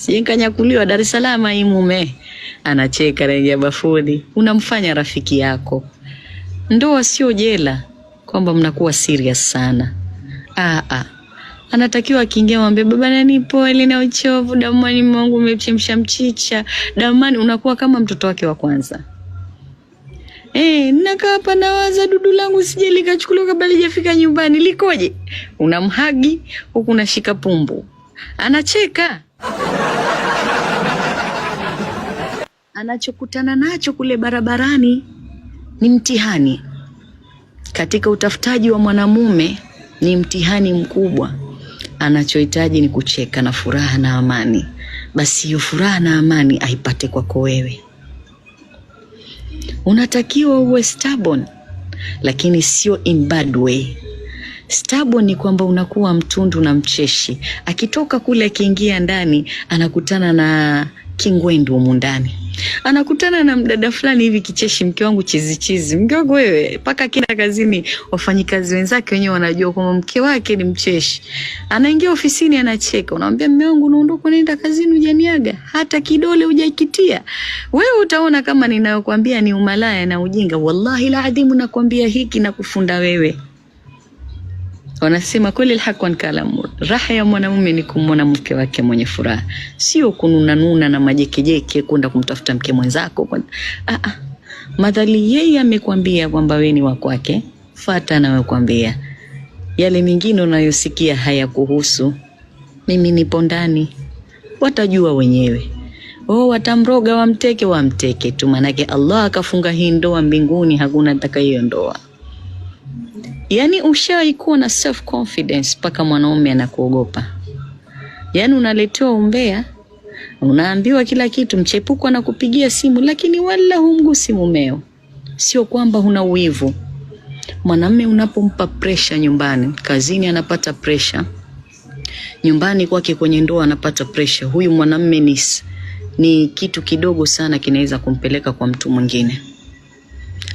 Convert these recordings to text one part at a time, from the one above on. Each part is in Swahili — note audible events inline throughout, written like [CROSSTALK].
si nkanyakuliwa Dar es Salaam hii mume. Anacheka naingia bafuni. Unamfanya rafiki yako. Ndoa sio jela kwamba mnakuwa serious sana. Ah ah. Anatakiwa akiingia mwambie baba nani pole na uchovu damani mwangu umechemsha mchicha. Damani unakuwa kama mtoto wake wa kwanza. Eh, nakaa hapa nawaza dudu langu sije likachukuliwa kabla lijafika nyumbani likoje? Unamhagi huku unashika pumbu. Anacheka. Anachokutana nacho kule barabarani ni mtihani. Katika utafutaji wa mwanamume ni mtihani mkubwa. Anachohitaji ni kucheka na furaha na amani. Basi hiyo furaha na amani aipate kwako wewe. Unatakiwa uwe stubborn, lakini sio in bad way. Stable ni kwamba unakuwa mtundu na mcheshi. Akitoka kule akiingia ndani anakutana na kingwendu humu ndani anakutana na mdada fulani hivi kicheshi, mke wangu chizi chizi, mke wangu wewe, mpaka kila kazini wafanyikazi wenzake wenyewe wanajua kwamba mke wake ni mcheshi. Anaingia ofisini anacheka, unamwambia mme wangu, naondoka unaenda kazini, hujaniaga hata kidole, hujakitia wewe. Utaona kama ninayokwambia ni umalaya na ujinga, wallahi la adhimu, nakwambia hiki na kufunda wewe. Wanasema kweli alhaq wankalamu, raha ya mwanamume ni kumwona mke wake mwenye furaha, sio kununanuna na majekejeke kwenda kumtafuta mke mwenzako. Ah, ah, madhali yeye amekwambia kwamba wewe ni wa kwake, fata anayokwambia. Yale mengine unayosikia hayakuhusu. Mimi nipo ndani, watajua wenyewe. Oh, watamroga wamteke, wamteke tu, maanake Allah akafunga hii ndoa mbinguni, hakuna atakayeondoa. Yaani ushawahi kuwa na self confidence mpaka mwanaume anakuogopa? Yaani unaletewa umbea, unaambiwa kila kitu, mchepuko anakupigia simu, lakini wala humgusi mumeo. Sio kwamba huna uwivu. Mwanamume unapompa pressure nyumbani, kazini anapata pressure, nyumbani kwake, kwenye ndoa anapata pressure. Huyu mwanamume ni, ni kitu kidogo sana kinaweza kumpeleka kwa mtu mwingine,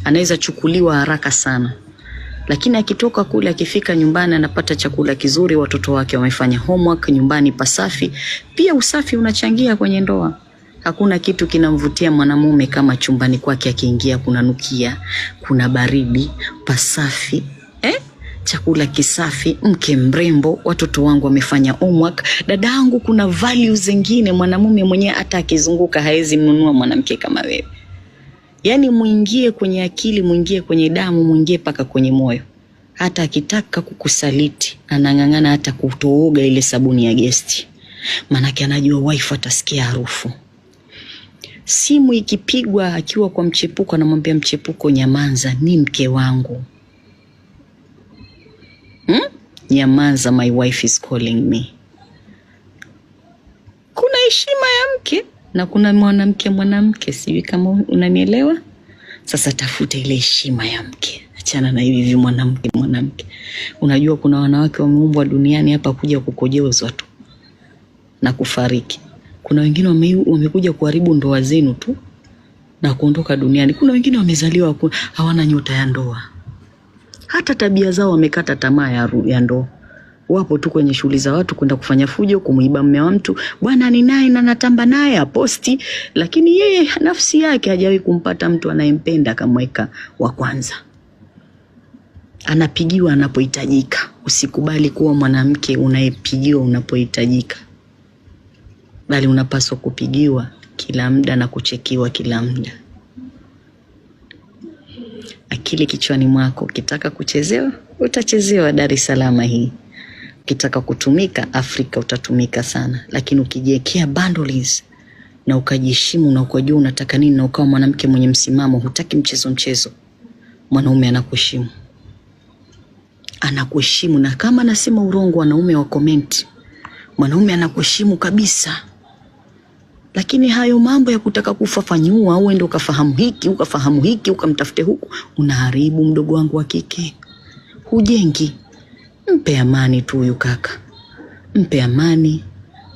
anaweza chukuliwa haraka sana. Lakini akitoka kule, akifika nyumbani anapata chakula kizuri, watoto wake wamefanya homework, nyumbani pasafi. Pia usafi unachangia kwenye ndoa. Hakuna kitu kinamvutia mwanamume kama chumbani kwake akiingia kuna nukia kuna baridi, pasafi eh? chakula kisafi, mke mrembo, watoto wangu wamefanya homework, dada yangu. Kuna values zingine mwanamume mwenyewe hata akizunguka hawezi mnunua mwanamke kama wewe yani mwingie kwenye akili, mwingie kwenye damu, mwingie mpaka kwenye moyo. Hata akitaka kukusaliti anang'ang'ana hata kutooga ile sabuni ya gesti, maanake anajua wife atasikia harufu. Simu ikipigwa akiwa kwa mchepuko, anamwambia mchepuko, nyamanza, ni mke wangu hmm? Nyamanza, my wife is calling me. Kuna heshima ya mke na kuna mwanamke mwanamke, sijui kama unanielewa. Sasa tafuta ile heshima ya mke, achana na hivi hivi mwanamke mwanamke. Unajua kuna wanawake wameumbwa duniani hapa kuja kukojozwa tu na kufariki. Kuna wengine wame, wamekuja kuharibu ndoa zenu tu na kuondoka duniani. Kuna wengine wamezaliwa hawana nyota ya ndoa, hata tabia zao wamekata tamaa ya, ya ndoa wapo tu kwenye shughuli za watu, kwenda kufanya fujo, kumuiba mme wa mtu, bwana ni naye na natamba naye aposti, lakini yeye nafsi yake hajawahi kumpata mtu anayempenda akamweka wa kwanza. Anapigiwa anapohitajika. Usikubali kuwa mwanamke unayepigiwa unapohitajika, bali unapaswa kupigiwa kila muda na kuchekiwa kila muda. Akili kichwani mwako, ukitaka kuchezewa utachezewa. Dar es Salaam hii ukitaka kutumika Afrika utatumika sana, lakini ukijiwekea boundaries na ukajiheshimu na ukajua unataka nini na ukawa mwanamke mwenye msimamo, hutaki mchezo mchezo, mwanaume anakuheshimu, anakuheshimu. Na kama nasema urongo, wanaume wa comment, mwanaume anakuheshimu kabisa. Lakini hayo mambo ya kutaka kufafanyiua, uende ukafahamu hiki ukafahamu hiki ukamtafute huku, unaharibu mdogo wangu wa kike, hujengi. Mpe amani tu huyu kaka, mpe amani,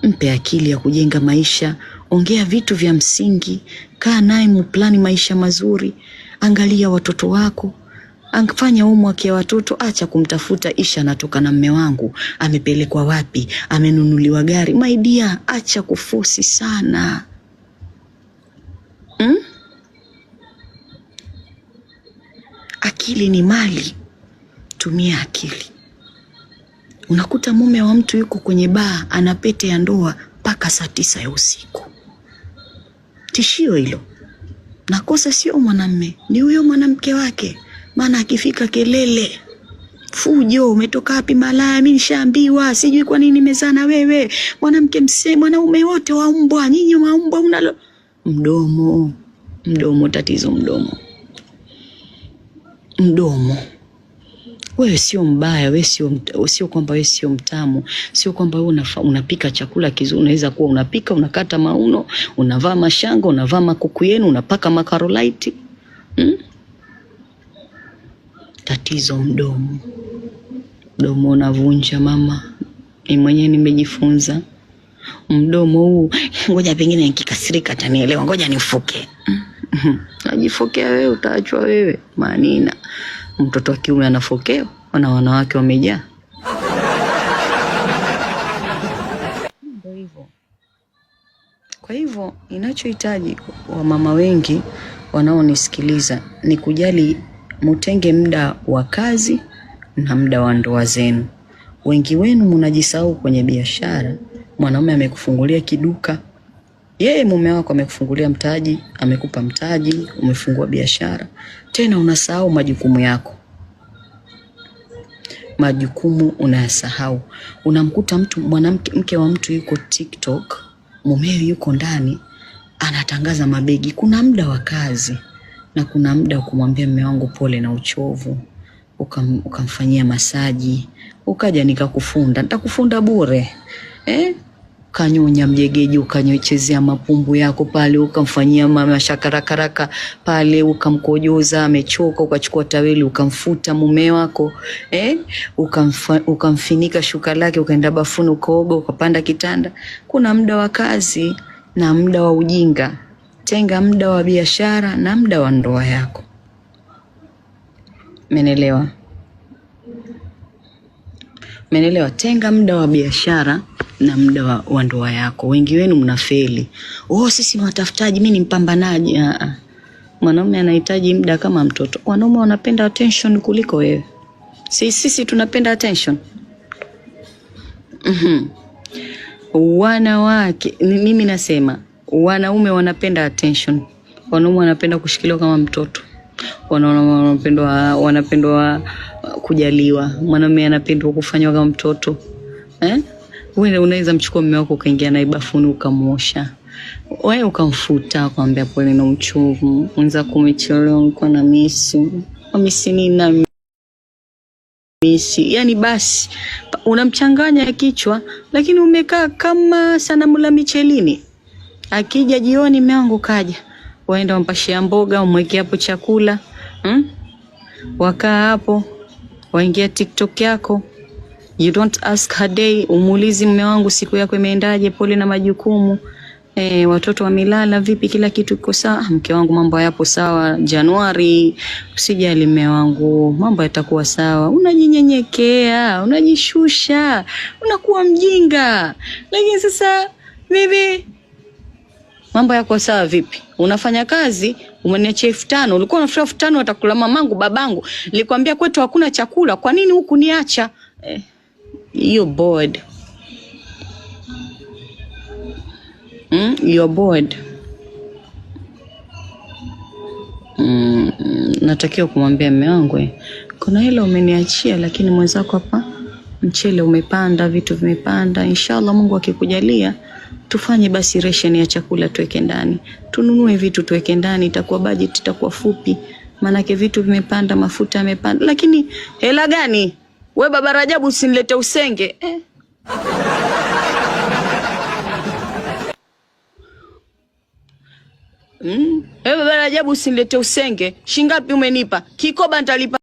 mpe akili ya kujenga maisha. Ongea vitu vya msingi, kaa naye, muplani maisha mazuri. Angalia watoto wako, Angfanya homework ya watoto, acha kumtafuta Isha anatoka na mme wangu, amepelekwa wapi, amenunuliwa gari. My dear, acha kufosi sana hmm? Akili ni mali, tumia akili. Unakuta mume wa mtu yuko kwenye baa ana pete ya ndoa mpaka saa tisa ya usiku. Tishio hilo, nakosa sio mwanamme, ni huyo mwanamke wake. Maana akifika kelele, fujo, umetoka wapi malaya, Mi nishaambiwa, sijui kwa nini nimezaa na wewe. Mwanamke msee, mwanaume wote waumbwa, nyinyi waumbwa. Unalo mdomo, mdomo, tatizo mdomo, mdomo wewe sio mbaya, wewe sio sio kwamba wewe sio mtamu, sio kwamba wewe unapika chakula kizuri. Unaweza kuwa unapika, unakata mauno, unavaa mashanga, unavaa makuku yenu, unapaka makarolaiti hmm? Tatizo mdomo, mdomo unavunja mama. Ni mwenyewe nimejifunza mdomo huu, [LAUGHS] ngoja pengine nikikasirika atanielewa, ngoja nifuke. Hmm? [LAUGHS] Najifukia wewe, utaachwa wewe, manina mtoto wa kiume anafokewa na wanawake wamejaa. Ndio hivyo. Kwa hivyo inachohitaji wamama wengi wanaonisikiliza ni kujali, mutenge muda wa kazi na muda wa ndoa zenu. Wengi wenu mnajisahau kwenye biashara. Mwanaume amekufungulia kiduka yeye mume wako amekufungulia mtaji, amekupa mtaji, umefungua biashara, tena unasahau majukumu yako. Majukumu unayasahau. Unamkuta mtu mwanamke, mke wa mtu yuko TikTok, mumeo yuko ndani anatangaza mabegi. Kuna muda wa kazi na kuna muda wa kumwambia mume wangu pole na uchovu, ukam, ukamfanyia masaji, ukaja nikakufunda. Nitakufunda bure eh? ukanyonya mjegeji, ukanyochezea mapumbu yako pale, ukamfanyia shakarakaraka pale, ukamkojoza amechoka, ukachukua taweli ukamfuta mume wako eh, ukamfa, ukamfinika shuka lake, ukaenda bafuni, ukaoga, ukapanda kitanda. Kuna muda wa kazi na muda wa ujinga. Tenga muda wa biashara na muda wa ndoa yako. Menelewa? Menelewa, tenga muda wa biashara na muda wa, ndoa yako. Wengi wenu mnafeli, oh, sisi ni watafutaji, mi ni mpambanaji. Ah, ah. Mwanaume anahitaji muda kama mtoto. Wanaume wanapenda attention kuliko wewe. Sisi, sisi tunapenda attention. mm Wanawake, mimi nasema wanaume wanapenda attention. Wanaume wanapenda kushikiliwa kama mtoto. Wanaume wanapendwa wanapendwa kujaliwa. Mwanamume anapendwa kufanywa kama mtoto eh? Wewe unaweza mchukua mume wako ukaingia naye bafuni ukamwosha, wewe ukamfuta, kwambia pole na uchovu, unza kumechelewa, nilikuwa na misi amisi na misi, yani basi unamchanganya kichwa, lakini umekaa kama sanamu la michelini. Akija jioni, mume wangu kaja, waenda wampashia mboga, umwekea hapo chakula hmm? wakaa hapo waingia TikTok yako, you don't ask her day, umuulizi mume wangu siku yako imeendaje, pole na majukumu E, watoto wamelala vipi? Kila kitu kiko sawa? Ah, mke wangu mambo hayapo sawa, Januari, usijali mme wangu, mambo yatakuwa sawa. Unajinyenyekea, unajishusha, unakuwa mjinga, lakini sasa mimi mambo yako sawa vipi? Unafanya kazi, umeniachia elfu tano. Ulikuwa unafuta elfu tano mamangu babangu. Nilikwambia kwetu hakuna chakula, kwa nini huku niacha? Eh, you bored. Mm, you bored. Mm, natakiwa kumwambia mume wangu eh. kuna hilo umeniachia, lakini mwenzako hapa mchele umepanda, vitu vimepanda. Inshallah Mungu akikujalia tufanye basi ration ya chakula tuweke ndani, tununue vitu tuweke ndani, itakuwa budget itakuwa fupi, maanake vitu vimepanda, mafuta yamepanda. Lakini hela gani? We baba Rajabu, usinilete usenge eh. Mm. Wewe baba Rajabu usinilete usenge. Shingapi umenipa? Kikoba nitalipa.